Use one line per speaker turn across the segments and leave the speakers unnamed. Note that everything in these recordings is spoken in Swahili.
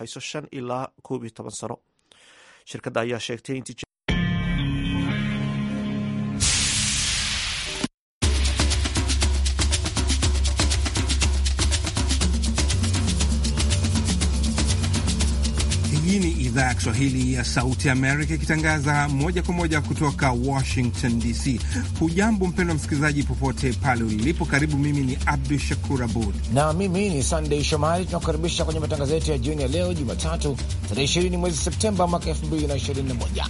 hayso shan ilaa koob iyo toban sano shirkadda ayaa sheegtay in
Kiswahili ya Sauti Amerika ikitangaza moja kwa moja kutoka Washington DC. Hujambo mpendwa msikilizaji, popote pale ulipo, karibu. Mimi ni Abdu Shakur Abud na mimi ni Sandei Shomari. Tunakukaribisha kwenye matangazo yetu ya jioni ya leo
Jumatatu, tarehe 20 mwezi Septemba mwaka 2021.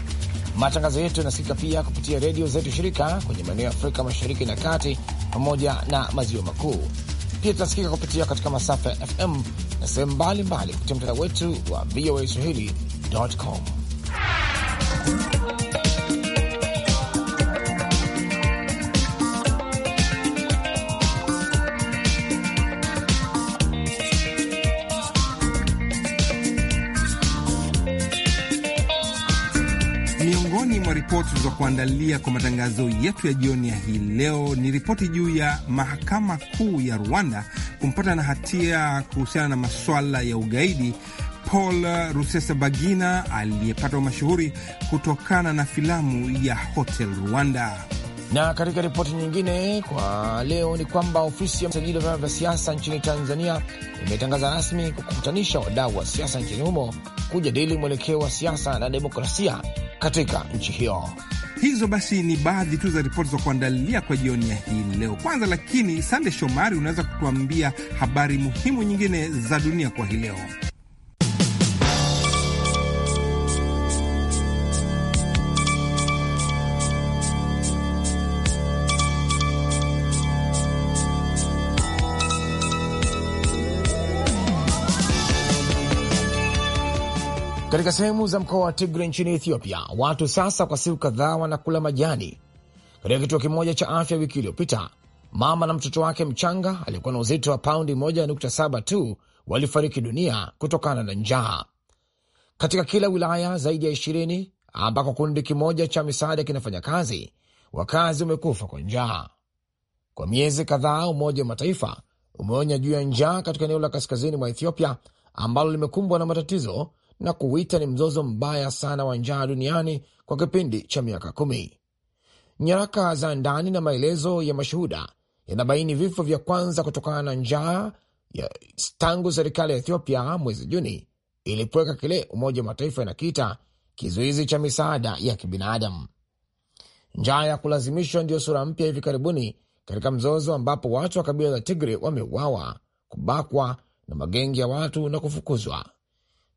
Matangazo yetu yanasikika pia kupitia redio zetu shirika kwenye maeneo ya Afrika Mashariki na Kati pamoja na Maziwa Makuu. Pia tunasikika kupitia katika masafa ya FM na sehemu mbalimbali kupitia mtandao wetu wa VOA Swahili com.
Miongoni mwa ripoti kuandalia kwa matangazo yetu ya jioni ya hii leo ni ripoti juu ya mahakama kuu ya Rwanda kumpata na hatia kuhusiana na maswala ya ugaidi Paul Rusesabagina aliyepata mashuhuri kutokana na filamu ya Hotel Rwanda.
Na katika ripoti nyingine kwa leo ni kwamba ofisi ya msajili wa vyama vya siasa nchini Tanzania imetangaza rasmi kukutanisha wadau wa siasa nchini humo kujadili mwelekeo wa siasa na demokrasia katika nchi
hiyo. Hizo basi ni baadhi tu za ripoti za kuandalia kwa jioni ya hii leo. Kwanza lakini, Sande Shomari, unaweza kutuambia habari muhimu nyingine za dunia kwa hii leo?
Katika sehemu za mkoa wa Tigre nchini Ethiopia, watu sasa kwa siku kadhaa wanakula majani. Katika kituo kimoja cha afya wiki iliyopita, mama na mtoto wake mchanga aliyekuwa na uzito wa paundi 1.7 tu walifariki dunia kutokana na njaa. Katika kila wilaya zaidi ya ishirini ambako kundi kimoja cha misaada kinafanya kazi, wakazi wamekufa kwa njaa. Kwa miezi kadhaa, Umoja wa Mataifa umeonya juu ya njaa katika eneo la kaskazini mwa Ethiopia ambalo limekumbwa na matatizo na kuuita ni mzozo mbaya sana wa njaa duniani kwa kipindi cha miaka kumi. Nyaraka za ndani na maelezo ya mashuhuda yanabaini vifo vya kwanza kutokana na njaa ya tangu serikali ya Ethiopia mwezi Juni ilipoweka kile Umoja wa Mataifa inakiita kizuizi cha misaada ya kibinadamu. Njaa ya kulazimishwa ndiyo sura mpya hivi karibuni katika mzozo ambapo watu wa kabila la Tigre wameuawa, kubakwa na magengi ya watu na kufukuzwa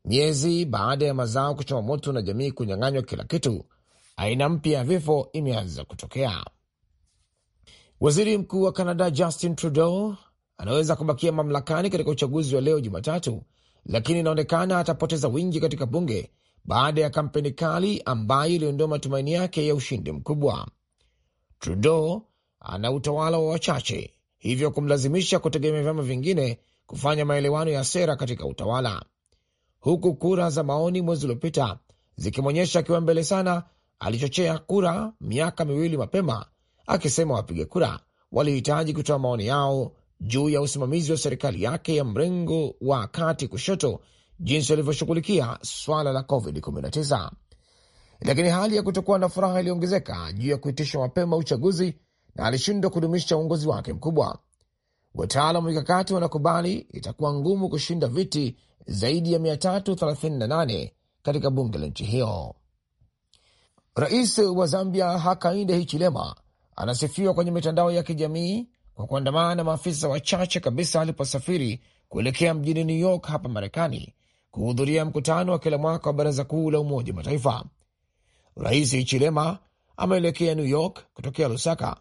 miezi baada ya mazao kuchoma moto na jamii kunyang'anywa kila kitu, aina mpya ya vifo imeanza kutokea. Waziri mkuu wa Canada Justin Trudeau anaweza kubakia mamlakani katika uchaguzi wa leo Jumatatu, lakini inaonekana atapoteza wingi katika bunge baada ya kampeni kali ambayo iliondoa matumaini yake ya ushindi mkubwa. Trudeau ana utawala wa wachache, hivyo kumlazimisha kutegemea vyama vingine kufanya maelewano ya sera katika utawala huku kura za maoni mwezi uliopita zikimwonyesha akiwa mbele sana. Alichochea kura miaka miwili mapema, akisema wapiga kura walihitaji kutoa maoni yao juu ya usimamizi wa serikali yake ya mrengo wa kati kushoto, jinsi walivyoshughulikia swala la COVID-19. Lakini hali ya kutokuwa na furaha iliongezeka juu ya kuitishwa mapema uchaguzi na alishindwa kudumisha uongozi wake mkubwa. Wataalam wa mikakati wanakubali itakuwa ngumu kushinda viti zaidi ya 338 katika bunge la nchi hiyo. Rais wa Zambia Hakainde Hichilema anasifiwa kwenye mitandao ya kijamii kwa kuandamana na maafisa wachache kabisa aliposafiri kuelekea mjini New York hapa Marekani kuhudhuria mkutano wa kila mwaka wa Baraza Kuu la Umoja wa Mataifa. Rais Hichilema ameelekea New York kutokea Lusaka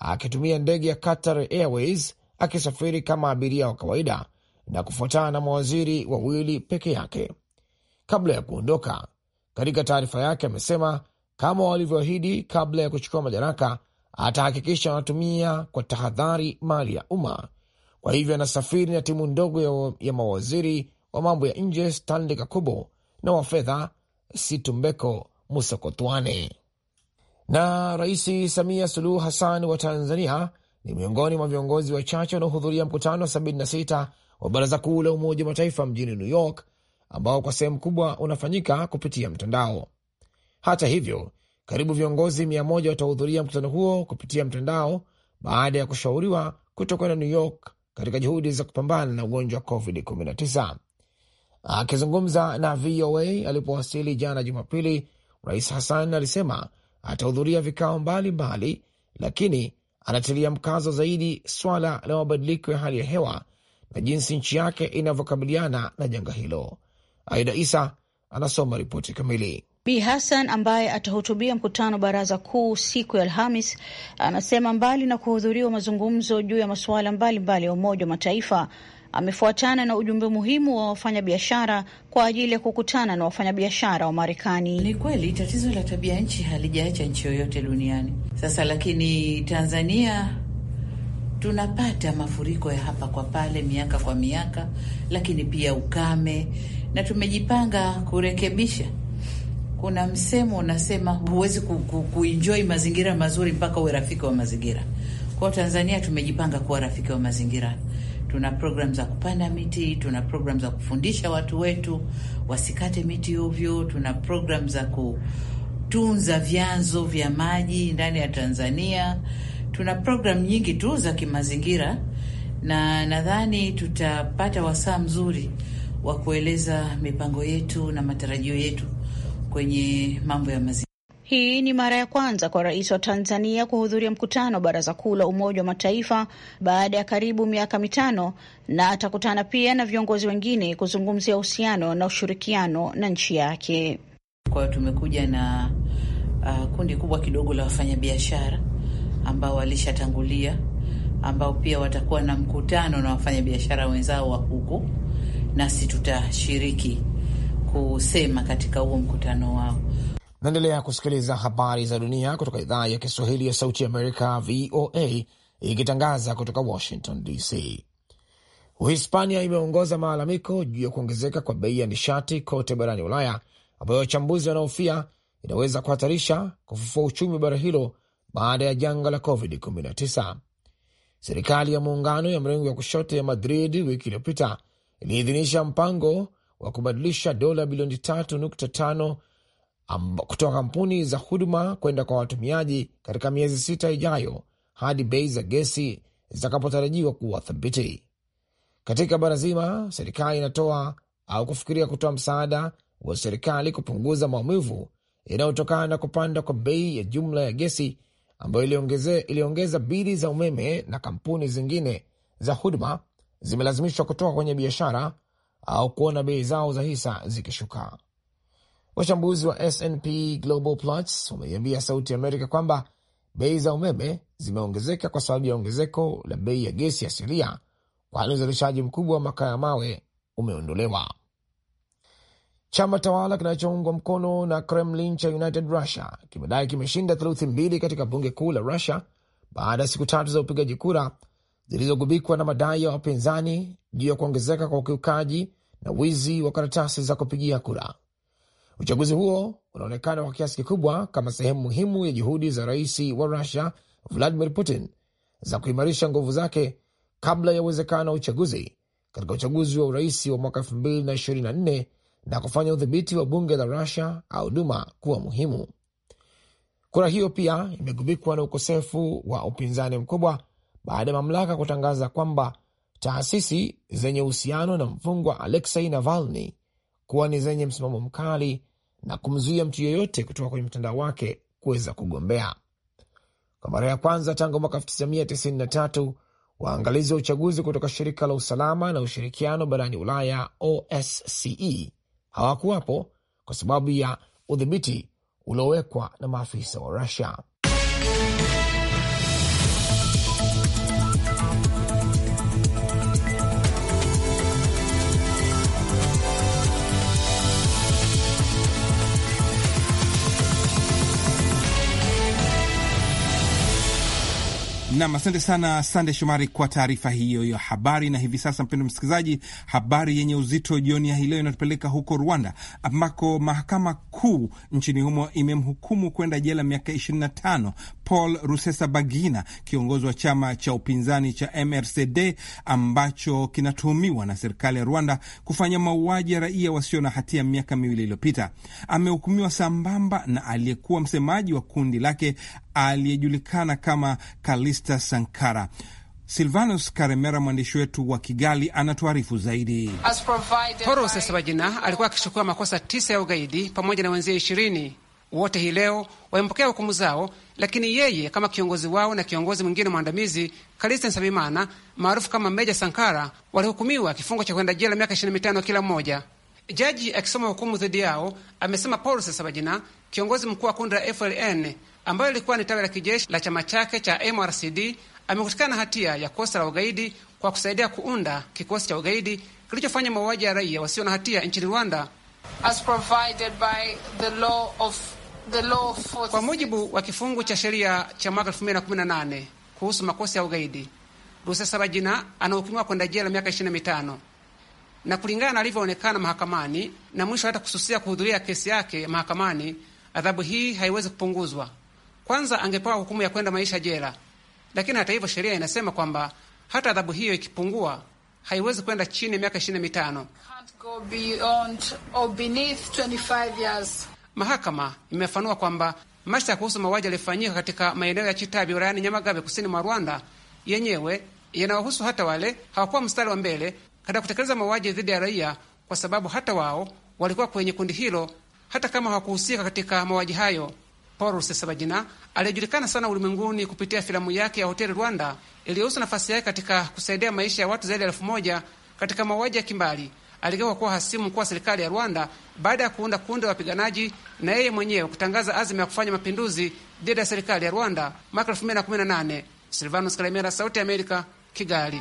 akitumia ndege ya Qatar Airways akisafiri kama abiria wa kawaida na kufuatana na mawaziri wawili peke yake kabla ya kuondoka. Katika taarifa yake amesema kama walivyoahidi kabla ya kuchukua madaraka, atahakikisha wanatumia kwa tahadhari mali ya umma. Kwa hivyo anasafiri na timu ndogo ya, ya mawaziri wa mambo ya nje Stanley Kakubo na wa fedha Situmbeko Musokotwane. Na Rais Samia Suluhu Hassan wa Tanzania ni miongoni mwa viongozi wachache wanaohudhuria mkutano wa 76 wa Baraza Kuu la Umoja wa Mataifa mjini New York ambao kwa sehemu kubwa unafanyika kupitia mtandao. Hata hivyo, karibu viongozi mia moja watahudhuria mkutano huo kupitia mtandao baada ya kushauriwa kutoka na New York katika juhudi za kupambana na ugonjwa wa COVID-19. Akizungumza na VOA alipowasili jana Jumapili, Rais Hassan alisema atahudhuria vikao mbalimbali, lakini anatilia mkazo zaidi swala la mabadiliko ya hali ya hewa na jinsi nchi yake inavyokabiliana na janga hilo. Aida Isa anasoma ripoti kamili.
Bi Hassan ambaye atahutubia mkutano baraza kuu siku ya Alhamis anasema mbali na kuhudhuriwa mazungumzo juu ya masuala mbalimbali ya Umoja wa Mataifa, amefuatana na ujumbe muhimu wa wafanyabiashara kwa ajili ya kukutana na wafanyabiashara wa Marekani. Ni kweli tatizo
la tabia nchi halijaacha nchi yoyote duniani sasa, lakini Tanzania tunapata mafuriko ya hapa kwa pale miaka kwa miaka, lakini pia ukame, na tumejipanga kurekebisha. Kuna msemo unasema huwezi kuenjoy mazingira mazuri mpaka uwe rafiki wa mazingira. Kwao Tanzania tumejipanga kuwa rafiki wa mazingira. Tuna programu za kupanda miti, tuna programu za kufundisha watu wetu wasikate miti ovyo, tuna programu za kutunza vyanzo vya maji ndani ya Tanzania, tuna programu nyingi tu za kimazingira, na nadhani tutapata wasaa mzuri wa kueleza mipango yetu na matarajio yetu kwenye mambo ya mazingira.
Hii ni mara ya kwanza kwa rais wa Tanzania kuhudhuria mkutano wa baraza kuu la Umoja wa Mataifa baada ya karibu miaka mitano, na atakutana pia na viongozi wengine kuzungumzia uhusiano na
ushirikiano na nchi yake. Kwa hiyo tumekuja na uh, kundi kubwa kidogo la wafanyabiashara ambao walishatangulia, ambao pia watakuwa na mkutano na wafanyabiashara wenzao wa huku, nasi tutashiriki kusema katika huo mkutano wao. Naendelea kusikiliza habari za dunia
kutoka idhaa ya Kiswahili ya Sauti Amerika, VOA, ikitangaza kutoka Washington DC. Uhispania imeongoza maalamiko juu ya kuongezeka kwa bei ya nishati kote barani Ulaya, ambayo wachambuzi wanaofia inaweza kuhatarisha kufufua uchumi wa bara hilo baada ya janga la COVID-19. Serikali ya muungano ya mrengo ya kushoto ya Madrid wiki iliyopita iliidhinisha mpango wa kubadilisha dola bilioni 3.5 kutoka kampuni za huduma kwenda kwa watumiaji katika miezi sita ijayo hadi bei za gesi zitakapotarajiwa kuwa thabiti. Katika bara zima, serikali inatoa au kufikiria kutoa msaada wa serikali kupunguza maumivu yanayotokana na kupanda kwa bei ya jumla ya gesi ambayo iliongeza bili za umeme, na kampuni zingine za huduma zimelazimishwa kutoka kwenye biashara au kuona bei zao za hisa zikishuka. Wachambuzi wa SNP Global Platts wameiambia Sauti ya Amerika kwamba bei za umeme zimeongezeka kwa sababu ya ongezeko la bei ya gesi asilia, kwani uzalishaji mkubwa wa makaa ya mawe umeondolewa. Chama tawala kinachoungwa mkono na Kremlin cha United Russia kimedai kimeshinda theluthi mbili katika bunge kuu la Russia baada ya siku tatu za upigaji kura zilizogubikwa na madai ya wapinzani juu ya kuongezeka kwa ukiukaji na wizi wa karatasi za kupigia kura. Uchaguzi huo unaonekana kwa kiasi kikubwa kama sehemu muhimu ya juhudi za rais wa Rusia Vladimir Putin za kuimarisha nguvu zake kabla ya uwezekano wa uchaguzi katika uchaguzi wa urais wa mwaka 2024 na kufanya udhibiti wa bunge la Rusia au Duma kuwa muhimu. Kura hiyo pia imegubikwa na ukosefu wa upinzani mkubwa baada ya mamlaka kutangaza kwamba taasisi zenye uhusiano na mfungwa Aleksei Navalny kuwa ni zenye msimamo mkali na kumzuia mtu yeyote kutoka kwenye mtandao wake kuweza kugombea. Kwa mara ya kwanza tangu mwaka 1993 waangalizi wa uchaguzi kutoka shirika la usalama na ushirikiano barani Ulaya, OSCE, hawakuwapo kwa sababu ya udhibiti uliowekwa na maafisa wa Rusia.
Nam, asante sana Sande Shomari kwa taarifa hiyo ya habari. Na hivi sasa, mpendo msikilizaji, habari yenye uzito jioni ya hii leo inatupeleka huko Rwanda, ambako mahakama kuu nchini humo imemhukumu kwenda jela miaka 25 Paul Rusesabagina, kiongozi wa chama cha upinzani cha MRCD ambacho kinatuhumiwa na serikali ya Rwanda kufanya mauaji ya raia wasio na hatia miaka miwili iliyopita. Amehukumiwa sambamba na aliyekuwa msemaji wa kundi lake aliyejulikana kama Kalista Sankara. Silvanus Karemera, mwandishi wetu wa Kigali, anatuarifu zaidi.
Toro Sesabagina alikuwa akichukua makosa tisa ya ugaidi pamoja na wenzie ishirini. Wote hii leo wamepokea hukumu zao, lakini yeye kama kiongozi wao na kiongozi mwingine mwandamizi Kalista Nsabimana maarufu kama Meja Sankara walihukumiwa kifungo cha kwenda jela miaka mitano kila mmoja. Jaji akisoma hukumu dhidi yao amesema Paul Sesabagina, kiongozi mkuu wa kundi la FLN ambayo ilikuwa ni tawi la kijeshi la chama chake cha MRCD amekutikana na hatia ya kosa la ugaidi kwa kusaidia kuunda kikosi cha ugaidi kilichofanya mauaji ya raia wasio na hatia nchini Rwanda
As provided by the law of, the law kwa
mujibu wa kifungu cha sheria cha mwaka 2018 kuhusu makosa ya ugaidi. Rusesabagina anahukumiwa kwenda jela miaka 25 na kulingana na alivyoonekana mahakamani na mwisho hata kususia kuhudhuria kesi yake mahakamani, adhabu hii haiwezi kupunguzwa kwanza angepewa hukumu ya kwenda maisha jela. Lakini hata hivyo, sheria inasema kwamba hata adhabu hiyo ikipungua haiwezi kwenda chini ya miaka ishirini na mitano. Mahakama imefanua kwamba mashtaka kuhusu mauaji yaliyofanyika katika maeneo ya Chitabi wilayani Nyamagabe, kusini mwa Rwanda, yenyewe yanawahusu hata wale hawakuwa mstari wa mbele katika kutekeleza mauaji dhidi ya raia, kwa sababu hata wao walikuwa kwenye kundi hilo, hata kama hawakuhusika katika mauaji hayo. Paul Rusesabagina aliyejulikana sana ulimwenguni kupitia filamu yake ya Hoteli Rwanda iliyohusu nafasi yake katika kusaidia maisha ya watu zaidi ya elfu moja katika mauaji ya kimbali. Aligeuka kuwa hasimu mkuu wa serikali ya Rwanda baada ya kuunda kundi la wapiganaji na yeye mwenyewe kutangaza azima ya kufanya mapinduzi dhidi ya serikali ya Rwanda mwaka 2018. Silvanus Kalemera, Sauti ya Amerika, Kigali.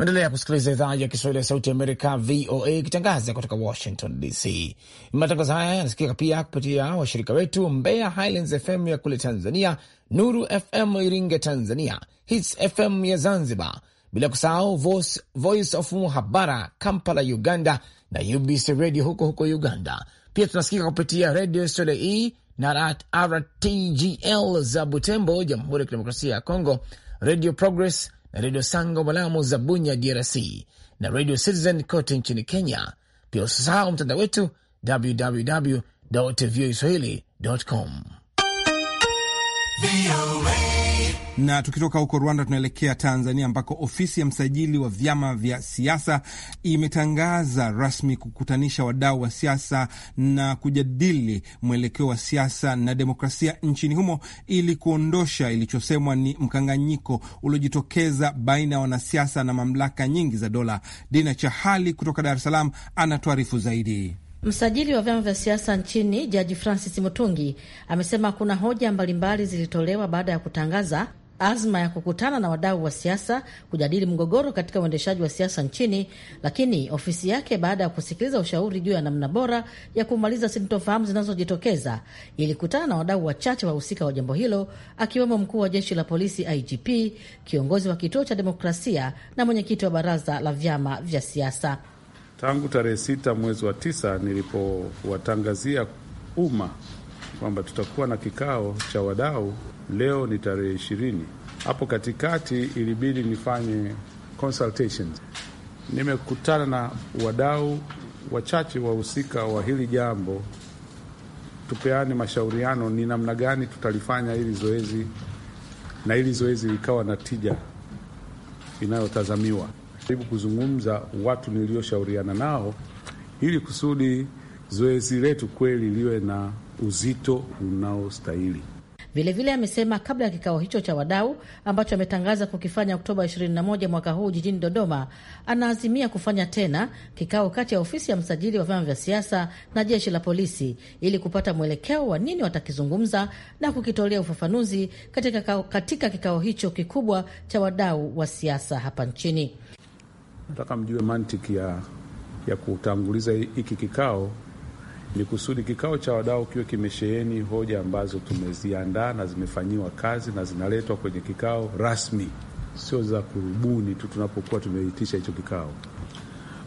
Endelea kusikiliza idhaa ya Kiswahili ya Sauti Amerika, VOA, ikitangaza kutoka Washington DC. Matangazo haya yanasikika pia kupitia washirika wetu Mbeya Highlands FM ya kule Tanzania, Nuru FM Iringe Tanzania, Hits FM ya Zanzibar, bila kusahau Voice, Voice of Muhabara Kampala Uganda na UBC Radio huko huko Uganda. Pia tunasikika kupitia Radio Soleil e na RTGL za Butembo, Jamhuri ya Kidemokrasia ya Kongo, Radio Progress na redio Sango Malamu za Bunya, DRC, na redio Citizen kote nchini Kenya. Pia usisahau mtandao wetu www voa swahili
com. Na tukitoka huko Rwanda tunaelekea Tanzania ambako ofisi ya msajili wa vyama vya siasa imetangaza rasmi kukutanisha wadau wa siasa na kujadili mwelekeo wa siasa na demokrasia nchini humo ili kuondosha ilichosemwa ni mkanganyiko uliojitokeza baina ya wanasiasa na mamlaka nyingi za dola. Dina Chahali kutoka Dar es Salaam anatuarifu zaidi.
Msajili wa vyama vya siasa nchini Jaji Francis Mutungi amesema kuna hoja mbalimbali zilitolewa baada ya kutangaza azma ya kukutana na wadau wa siasa kujadili mgogoro katika uendeshaji wa siasa nchini, lakini ofisi yake, baada ya kusikiliza ushauri juu ya namna bora ya kumaliza sintofahamu zinazojitokeza, ilikutana na wadau wachache wahusika wa jambo hilo, akiwemo mkuu wa jeshi la polisi IGP, kiongozi wa kituo cha demokrasia na mwenyekiti wa baraza la vyama vya siasa.
Tangu tarehe sita mwezi wa tisa nilipowatangazia umma kwamba tutakuwa na kikao cha wadau Leo ni tarehe ishirini. Hapo katikati ilibidi nifanye consultations. Nimekutana na wadau wachache wahusika wa hili jambo, tupeane mashauriano ni namna gani tutalifanya hili zoezi na hili zoezi likawa na tija inayotazamiwa. Jaribu kuzungumza watu nilioshauriana nao ili kusudi zoezi letu kweli liwe na uzito unaostahili.
Vilevile amesema kabla ya kikao hicho cha wadau ambacho ametangaza kukifanya Oktoba 21 mwaka huu jijini Dodoma, anaazimia kufanya tena kikao kati ya ofisi ya msajili wa vyama vya siasa na jeshi la polisi ili kupata mwelekeo wa nini watakizungumza na kukitolea ufafanuzi katika, katika kikao hicho kikubwa cha wadau wa siasa hapa nchini.
Nataka mjue mantiki ya, ya kutanguliza hiki kikao ni kusudi kikao cha wadau kiwe kimesheheni hoja ambazo tumeziandaa na zimefanyiwa kazi na zinaletwa kwenye kikao rasmi, sio za kurubuni tu tunapokuwa tumeitisha hicho kikao.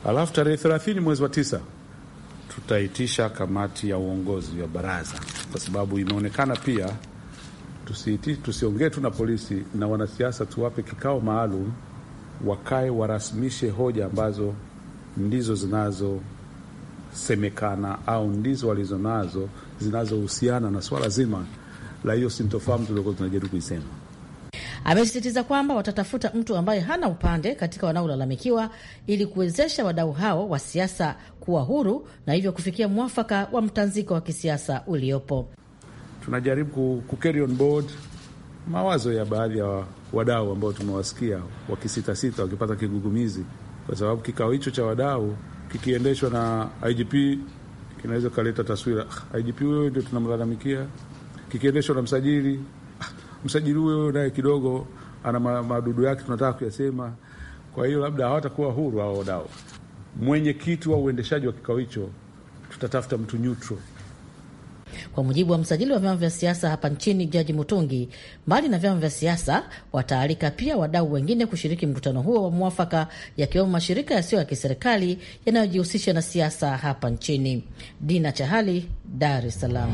Alafu tarehe thelathini mwezi wa tisa tutaitisha kamati ya uongozi wa baraza, kwa sababu imeonekana pia tusiongee tu na polisi na wanasiasa, tuwape kikao maalum, wakae warasmishe hoja ambazo ndizo zinazo zinazosemekana au ndizo walizonazo zinazohusiana na swala zima la hiyo sintofahamu tuliokuwa tunajaribu kuisema.
Amesisitiza kwamba watatafuta mtu ambaye hana upande katika wanaolalamikiwa ili kuwezesha wadau hao wa siasa kuwa huru na hivyo kufikia mwafaka wa mtanziko wa kisiasa uliopo.
Tunajaribu ku carry on board mawazo ya baadhi ya wadau ambao tumewasikia wakisitasita, wakipata kigugumizi, kwa sababu kikao hicho cha wadau ikiendeshwa na IGP kinaweza kaleta taswira, ah, IGP huyo ndio tunamlalamikia. Kikiendeshwa na msajili, ah, msajili huyo naye kidogo ana madudu yake tunataka kuyasema. Kwa hiyo labda hawatakuwa huru hao wadau. Mwenyekiti wa uendeshaji wa kikao hicho, tutatafuta mtu neutral
kwa mujibu wa msajili wa vyama vya siasa hapa nchini Jaji Mutungi, mbali na vyama vya siasa wataalika pia wadau wengine kushiriki mkutano huo wa mwafaka, yakiwemo mashirika yasiyo ya kiserikali yanayojihusisha na siasa hapa nchini. Dina Chahali, Dar es Salaam.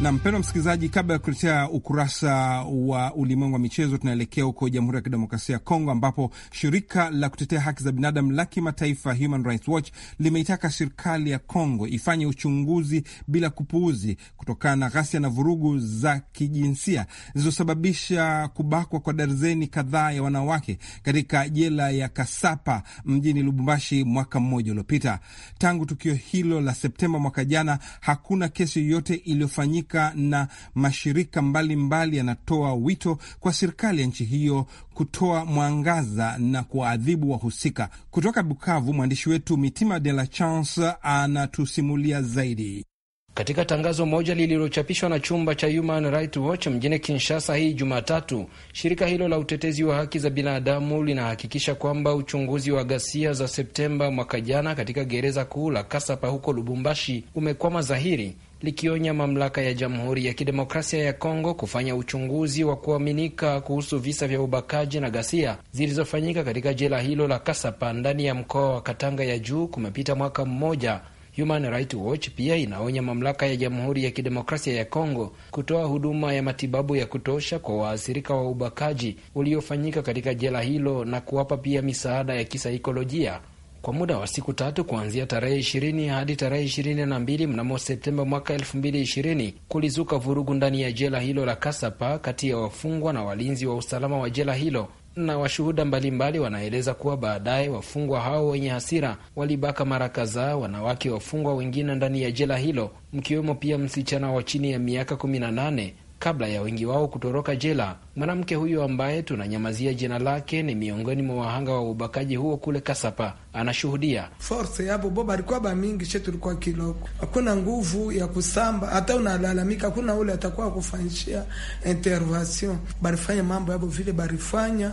na mpendwa msikilizaji, kabla ya kuletea ukurasa wa ulimwengu wa michezo, tunaelekea huko Jamhuri ya Kidemokrasia ya Kongo, ambapo shirika la kutetea haki za binadamu la kimataifa Human Rights Watch limeitaka serikali ya Kongo ifanye uchunguzi bila kupuuzi kutokana na ghasia na vurugu za kijinsia zilizosababisha kubakwa kwa darzeni kadhaa ya wanawake katika jela ya Kasapa mjini Lubumbashi mwaka mmoja uliopita. Tangu tukio hilo la Septemba mwaka jana, hakuna kesi yoyote iliyofanyika Afrika na mashirika mbalimbali yanatoa wito kwa serikali ya nchi hiyo kutoa mwangaza na kuwaadhibu wahusika. Kutoka Bukavu, mwandishi wetu Mitima de la Chance anatusimulia zaidi. Katika tangazo moja lililochapishwa
na chumba cha Human Rights Watch mjini Kinshasa hii Jumatatu, shirika hilo la utetezi wa haki za binadamu linahakikisha kwamba uchunguzi wa ghasia za Septemba mwaka jana katika gereza kuu la Kasapa huko Lubumbashi umekwama dhahiri likionya mamlaka ya Jamhuri ya Kidemokrasia ya Kongo kufanya uchunguzi wa kuaminika kuhusu visa vya ubakaji na ghasia zilizofanyika katika jela hilo la Kasapa ndani ya mkoa wa Katanga ya Juu kumepita mwaka mmoja. Human Rights Watch pia inaonya mamlaka ya Jamhuri ya Kidemokrasia ya Kongo kutoa huduma ya matibabu ya kutosha kwa waathirika wa ubakaji uliofanyika katika jela hilo na kuwapa pia misaada ya kisaikolojia kwa muda wa siku tatu kuanzia tarehe ishirini hadi tarehe ishirini na mbili mnamo Septemba mwaka elfu mbili ishirini kulizuka vurugu ndani ya jela hilo la Kasapa kati ya wafungwa na walinzi wa usalama wa jela hilo na washuhuda mbalimbali wanaeleza kuwa baadaye wafungwa hao wenye hasira walibaka mara kadhaa wanawake wafungwa wengine ndani ya jela hilo, mkiwemo pia msichana wa chini ya miaka 18 kabla ya wengi wao kutoroka jela. Mwanamke huyo ambaye tunanyamazia jina lake ni miongoni mwa wahanga wa ubakaji huo kule Kasapa. Anashuhudia
force yabo bo balikuwa mingi she tulikuwa kiloko, hakuna nguvu ya kusamba, hata unalalamika hakuna ule atakuwa kufanyishia intervention. Barifanya mambo yapo vile barifanya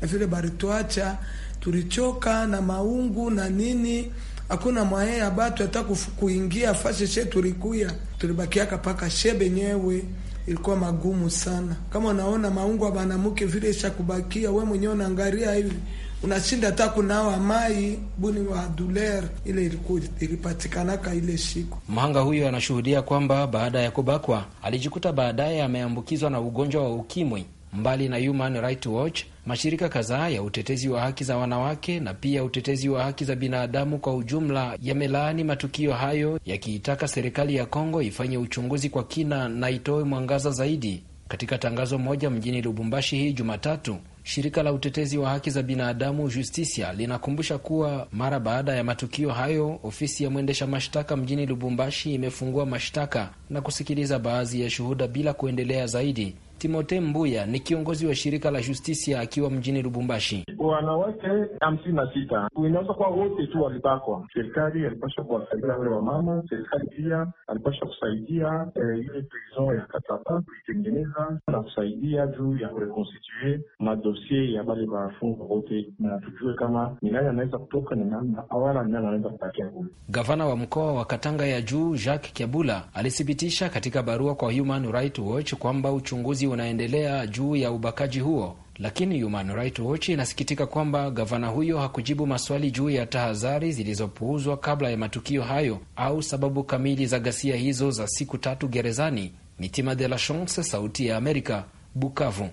na vile baritwacha, tulichoka na maungu na nini hakuna mwaye batu hata kuingia fashe she tulikuya tulibakiaka paka shebe nyewe ilikuwa magumu sana. Kama unaona maungwa banamuke vile ishakubakia, kubakia, we mwenyewe unaangaria hivi unashinda hata kunawa mai buni wa duler ile ilikuwa ilipatikanaka ile siku.
Mhanga huyo anashuhudia kwamba baada ya kubakwa alijikuta baadaye ameambukizwa na ugonjwa wa ukimwi. Mbali na Human Rights Watch mashirika kadhaa ya utetezi wa haki za wanawake na pia utetezi wa haki za binadamu kwa ujumla yamelaani matukio hayo, yakiitaka serikali ya Kongo ifanye uchunguzi kwa kina na itoe mwangaza zaidi. Katika tangazo moja mjini Lubumbashi hii Jumatatu, shirika la utetezi wa haki za binadamu Justisia linakumbusha kuwa mara baada ya matukio hayo, ofisi ya mwendesha mashtaka mjini Lubumbashi imefungua mashtaka na kusikiliza baadhi ya shuhuda bila kuendelea zaidi Timote Mbuya ni kiongozi wa shirika la Justisia akiwa mjini Lubumbashi. Wanawake hamsini na sita
inaweza kuwa wote tu walibakwa. Serikali alipasha kuwasaidia wale wamama, serikali pia alipasha kusaidia eh, ile prison ya Kataba kuitengeneza na kusaidia juu ya kurekonstitue madosie ya bale wafungwa wote, na tujue kama ni nani anaweza
kutoka ni nani awala ni nani anaweza kutakia nguvu. Gavana wa mkoa wa Katanga ya juu Jacques Kyabula alithibitisha katika barua kwa Human Rights Watch kwamba uchunguzi uchunguzi unaendelea juu ya ubakaji huo, lakini Human Rights Watch inasikitika kwamba gavana huyo hakujibu maswali juu ya tahadhari zilizopuuzwa kabla ya matukio hayo au sababu kamili za ghasia hizo za siku tatu gerezani. Mitima de la Chance, Sauti ya Amerika, Bukavu.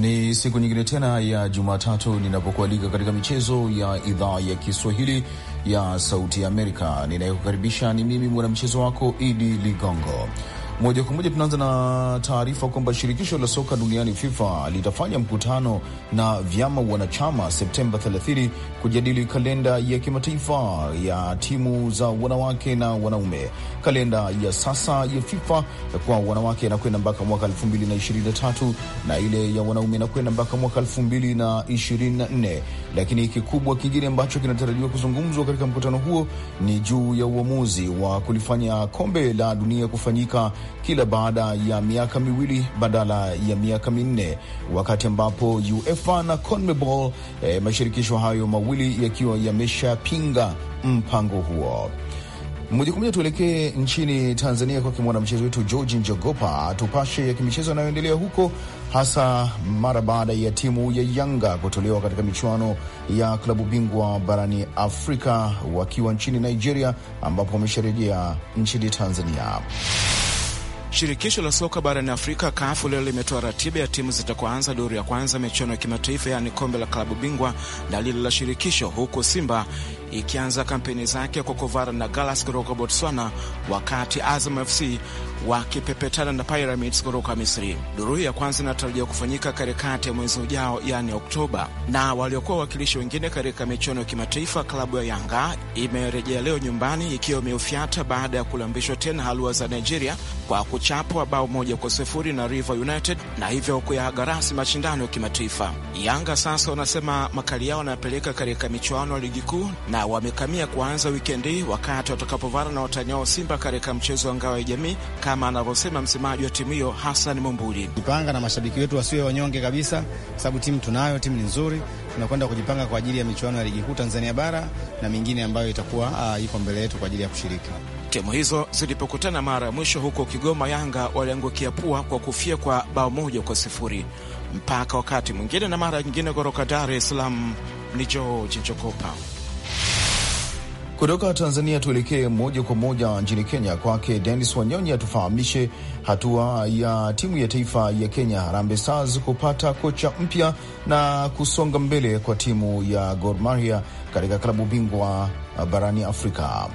Ni siku nyingine tena ya Jumatatu ninapokualika katika michezo ya idhaa ya Kiswahili ya Sauti ya Amerika. Ninayekukaribisha ni mimi mwanamchezo wako Idi Ligongo. Moja kwa moja tunaanza na taarifa kwamba shirikisho la soka duniani FIFA litafanya mkutano na vyama wanachama Septemba 30 kujadili kalenda ya kimataifa ya timu za wanawake na wanaume. Kalenda ya sasa ya FIFA kwa wanawake inakwenda mpaka mwaka 2023 na ile ya wanaume inakwenda mpaka mwaka 2024. Lakini kikubwa kingine ambacho kinatarajiwa kuzungumzwa katika mkutano huo ni juu ya uamuzi wa kulifanya kombe la dunia kufanyika kila baada ya miaka miwili badala ya miaka minne, wakati ambapo UEFA na CONMEBOL eh, mashirikisho hayo mawili yakiwa yameshapinga mpango huo. Moja kwa moja tuelekee nchini Tanzania kwake mwanamchezo wetu Georgi Njogopa tupashe ya kimichezo anayoendelea huko hasa mara baada ya timu ya Yanga kutolewa katika michuano ya klabu bingwa barani Afrika wakiwa nchini Nigeria, ambapo wamesherejea nchini Tanzania.
Shirikisho la soka barani Afrika kafu leo limetoa ratiba ya timu zitakoanza duru ya kwanza michuano ya kimataifa yaani kombe la klabu bingwa na lile la shirikisho, huku Simba ikianza kampeni zake kwa kuvara na Galas kutoka Botswana, wakati Azam FC wakipepetana na Pyramids kutoka Misri. Duru hii ya kwanza inatarajiwa kufanyika katikati ya mwezi ujao, yani Oktoba, na waliokuwa wawakilishi wengine katika michuano ya kimataifa, klabu ya Yanga imerejea leo nyumbani ikiwa imeufyata baada ya kulambishwa tena halua za Nigeria kwa kuchapwa bao moja kwa sifuri na River United na hivyo kuyaga rasmi mashindano ya kimataifa. Yanga sasa wanasema makali yao wanayapeleka katika michuano ya ligi kuu na na wamekamia kuanza wikendi wakati watakapovana na watani wao Simba katika mchezo wa ngao ya jamii, kama anavyosema msemaji wa timu hiyo Hassan Mumbuli. Jipanga na mashabiki
wetu wasiwe wanyonge kabisa, kwa sababu timu tunayo, timu ni nzuri. Tunakwenda kujipanga kwa ajili ya michuano ya ligi kuu Tanzania bara na mingine ambayo itakuwa
uh, mbele yetu kwa ajili ya kushiriki. Timu hizo zilipokutana mara ya mwisho huko Kigoma, Yanga waliangukia pua kwa kufia kwa bao moja kwa sifuri. Mpaka wakati mwingine na mara nyingine, kutoka Dar es Salaam ni George Njokopa.
Kutoka Tanzania tuelekee moja kwa moja nchini Kenya, kwake Denis Wanyonyi atufahamishe hatua ya timu ya taifa ya Kenya Harambee Stars kupata kocha mpya na kusonga mbele kwa timu ya Gor Mahia katika klabu bingwa barani Afrika.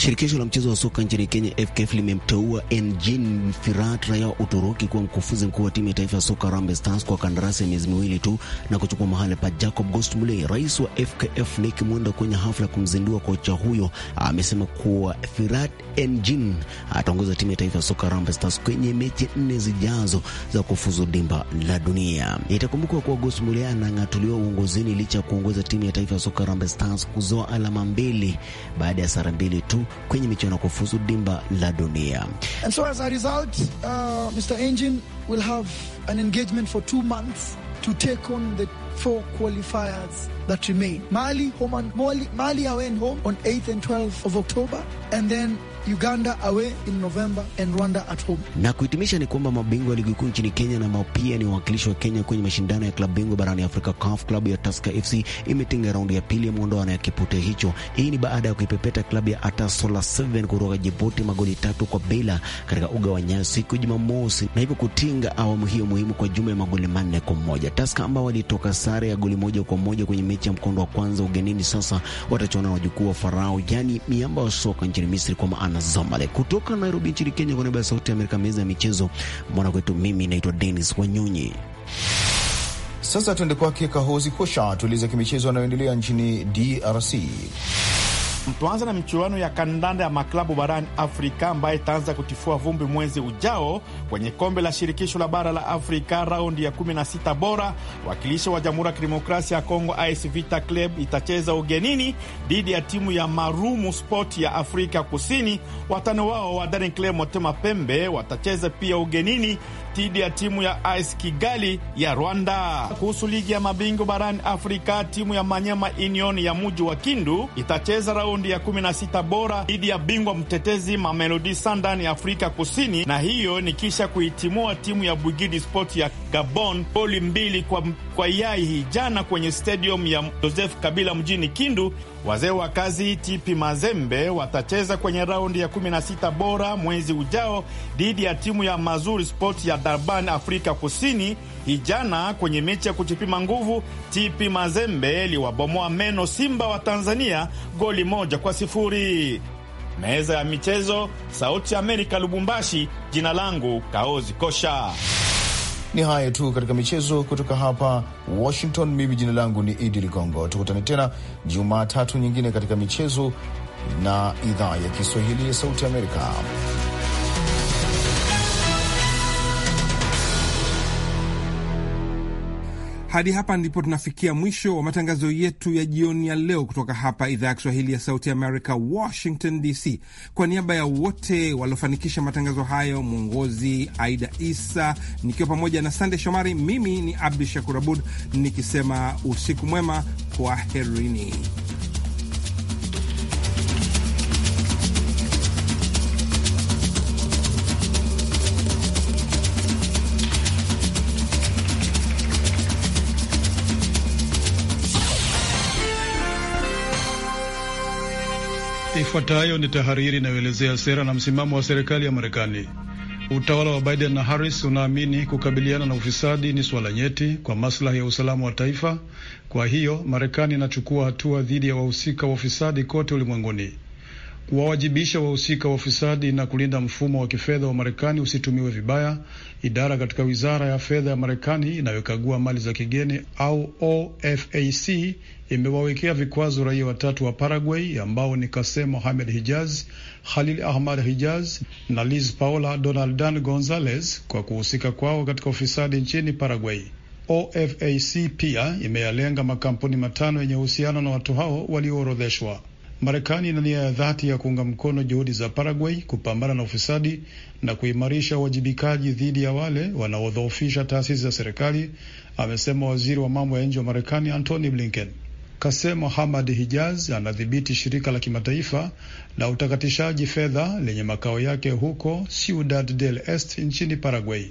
Shirikisho la
mchezo wa soka nchini Kenya FKF limemteua Engin Firat raia wa Uturuki kuwa mkufunzi mkuu wa timu ya taifa ya soka Harambee Stars kwa kandarasi ya miezi miwili tu na kuchukua mahali pa Jacob Ghost Mulee. Rais wa FKF Nick Mwendwa kwenye hafla ya kumzindua kocha huyo amesema kuwa Firat Engin ataongoza timu ya taifa ya soka Harambee Stars kwenye mechi nne zijazo za kufuzu dimba la dunia. Itakumbukwa kuwa Ghost Mulee anang'atuliwa uongozini licha ya kuongoza timu ya taifa ya soka Harambee Stars kuzoa alama mbili baada ya sara mbili tu kwenye michuano ya kufuzu dimba la dunia.
And so as a result, uh, Mr. Engin will have an engagement for two months to take on the four qualifiers that remain. Mali, home Mali, Mali are went home on 8th and 12th of October and then Uganda away in November and Rwanda at home.
Na kuhitimisha ni kwamba mabingwa ligi kuu nchini Kenya na pia ni wawakilishi wa Kenya kwenye mashindano ya klabu bingwa barani Afrika CAF, klabu ya Tusker FC imetinga raundi ya pili ya mwondoano ya kipute hicho. Hii ni baada ya kuipepeta klabu ya Atasola 7 kutoka Djibouti magoli tatu kwa bila katika uga wa Nyayo siku ya Jumamosi, na hivyo kutinga awamu hiyo muhimu kwa jumla ya magoli manne kwa moja. Tusker ambao walitoka sare ya goli moja kwa moja kwenye mechi ya mkondo wa kwanza ugenini, sasa watachuana na wajukuu wa Farao, yani miamba wa soka nchini Misri kwa maana Adan kutoka Nairobi nchini Kenya. Kwa niaba ya Sauti ya Amerika, meza ya michezo mwana kwetu mimi naitwa
Denis Wanyonyi. Sasa tuende kwake Kahozi Kosha tuulize kimichezo anayoendelea nchini DRC. Tuanza na michuano ya kandanda ya maklabu
barani Afrika ambayo itaanza kutifua vumbi mwezi ujao kwenye kombe la shirikisho la bara la Afrika, raundi ya 16 bora. Wakilishi wa Jamhuri ya Kidemokrasia ya Kongo, AS Vita Club, itacheza ugenini dhidi ya timu ya marumu Sport ya Afrika Kusini. Watani wao wa Daring Club Motema Pembe watacheza pia ugenini dhidi ya timu ya AS Kigali ya Rwanda. Kuhusu ligi ya mabingwa barani Afrika, timu ya Manyema Union ya muji wa Kindu itacheza raundi ya 16 bora dhidi ya bingwa mtetezi Mamelodi Sundowns ya Afrika Kusini, na hiyo ni kisha kuitimua timu ya Bugidi Sport ya Gabon goli mbili kwa, kwa yai hii jana kwenye stadium ya Joseph Kabila mjini Kindu. Wazee wa kazi TP Mazembe watacheza kwenye raundi ya 16 bora mwezi ujao dhidi ya timu ya Mazuri Sport ya Durban, Afrika Kusini. Hijana kwenye mechi ya kujipima nguvu, TP Mazembe liwabomoa meno Simba wa Tanzania goli moja kwa sifuri. Meza ya michezo, Sauti Amerika, Lubumbashi. Jina langu Kaozi Kosha.
Ni hayo tu katika michezo kutoka hapa Washington. Mimi jina langu ni Idi Ligongo. Tukutane tena Jumatatu nyingine katika michezo na idhaa ya Kiswahili ya
Sauti Amerika. Hadi hapa ndipo tunafikia mwisho wa matangazo yetu ya jioni ya leo kutoka hapa idhaa ya Kiswahili ya Sauti Amerika, Washington DC. Kwa niaba ya wote waliofanikisha matangazo hayo, mwongozi Aida Isa nikiwa pamoja na Sande Shomari, mimi ni Abdu Shakur Abud nikisema usiku mwema, kwaherini.
Ifuatayo ni tahariri inayoelezea sera na msimamo wa serikali ya Marekani. Utawala wa Biden na Harris unaamini kukabiliana na ufisadi ni swala nyeti kwa maslahi ya usalama wa taifa. Kwa hiyo Marekani inachukua hatua dhidi ya wahusika wa ufisadi kote ulimwenguni kuwawajibisha wahusika wa ufisadi na kulinda mfumo wa kifedha wa Marekani usitumiwe vibaya. Idara katika wizara ya fedha ya Marekani inayokagua mali za kigeni au OFAC imewawekea vikwazo raia watatu wa Paraguay ambao ni Kasem Mohamed Hijaz, Khalil Ahmad Hijaz na Liz Paola Donaldan Gonzalez kwa kuhusika kwao katika ufisadi nchini Paraguay. OFAC pia imeyalenga makampuni matano yenye uhusiano na watu hao walioorodheshwa. Marekani ina nia ya dhati ya kuunga mkono juhudi za Paraguay kupambana na ufisadi na kuimarisha uwajibikaji dhidi ya wale wanaodhoofisha taasisi za serikali, amesema waziri wa mambo ya nje wa Marekani Antony Blinken. Kasem Mohamad Hijaz anadhibiti shirika la kimataifa la utakatishaji fedha lenye makao yake huko Ciudad del Este nchini Paraguay.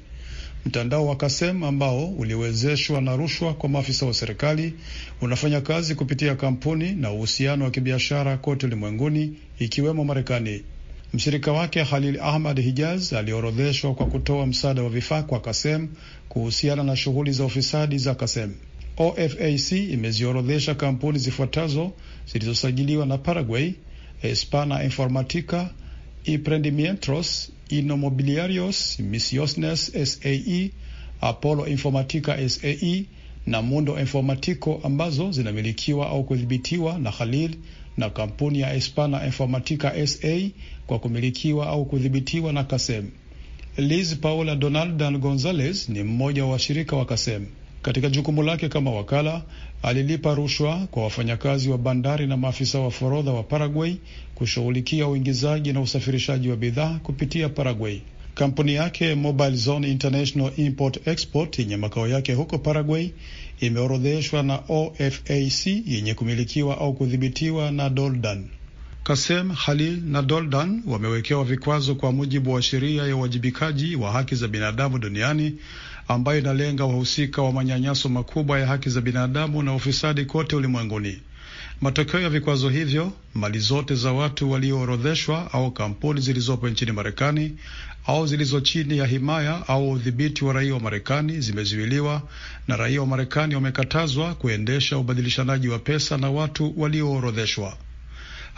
Mtandao wa Kasem ambao uliwezeshwa na rushwa kwa maafisa wa serikali unafanya kazi kupitia kampuni na uhusiano wa kibiashara kote ulimwenguni ikiwemo Marekani. Mshirika wake Khalil Ahmad Hijaz aliorodheshwa kwa kutoa msaada wa vifaa kwa Kasem kuhusiana na shughuli za ufisadi za Kasem. OFAC imeziorodhesha kampuni zifuatazo zilizosajiliwa na Paraguay: Espana Informatica, Emprendimientos, inomobiliarios Misiones SAE, Apollo Informatica SAE na Mundo Informatico ambazo zinamilikiwa au kudhibitiwa na Khalil na kampuni ya Espana Informatica SA kwa kumilikiwa au kudhibitiwa na Kasem. Liz Paola Donaldan Gonzalez ni mmoja wa washirika wa Kasem. Katika jukumu lake kama wakala, alilipa rushwa kwa wafanyakazi wa bandari na maafisa wa forodha wa Paraguay kushughulikia uingizaji na usafirishaji wa bidhaa kupitia Paraguay. Kampuni yake Mobile Zone International Import Export yenye makao yake huko Paraguay imeorodheshwa na OFAC yenye kumilikiwa au kudhibitiwa na Doldan. Kasem halil na Doldan wamewekewa vikwazo kwa mujibu wa sheria ya uwajibikaji wa haki za binadamu duniani ambayo inalenga wahusika wa manyanyaso makubwa ya haki za binadamu na ufisadi kote ulimwenguni. Matokeo ya vikwazo hivyo, mali zote za watu walioorodheshwa au kampuni zilizopo nchini Marekani au zilizo chini ya himaya au udhibiti wa raia wa Marekani zimezuiliwa na raia wa Marekani wamekatazwa kuendesha ubadilishanaji wa pesa na watu walioorodheshwa.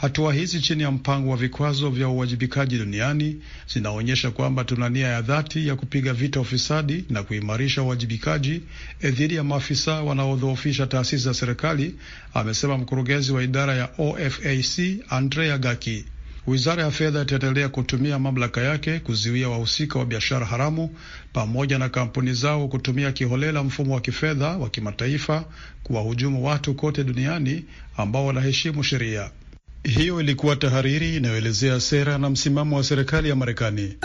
Hatua hizi chini ya mpango wa vikwazo vya uwajibikaji duniani zinaonyesha kwamba tuna nia ya dhati ya kupiga vita ufisadi na kuimarisha uwajibikaji eh, dhidi ya maafisa wanaodhoofisha taasisi za serikali, amesema mkurugenzi wa idara ya OFAC Andrea Gaki. Wizara ya fedha itaendelea kutumia mamlaka yake kuzuia wahusika wa biashara haramu pamoja na kampuni zao kutumia kiholela mfumo wa kifedha wa kimataifa kuwahujumu watu kote duniani ambao wanaheshimu sheria. Hiyo ilikuwa tahariri inayoelezea sera na msimamo wa serikali ya Marekani.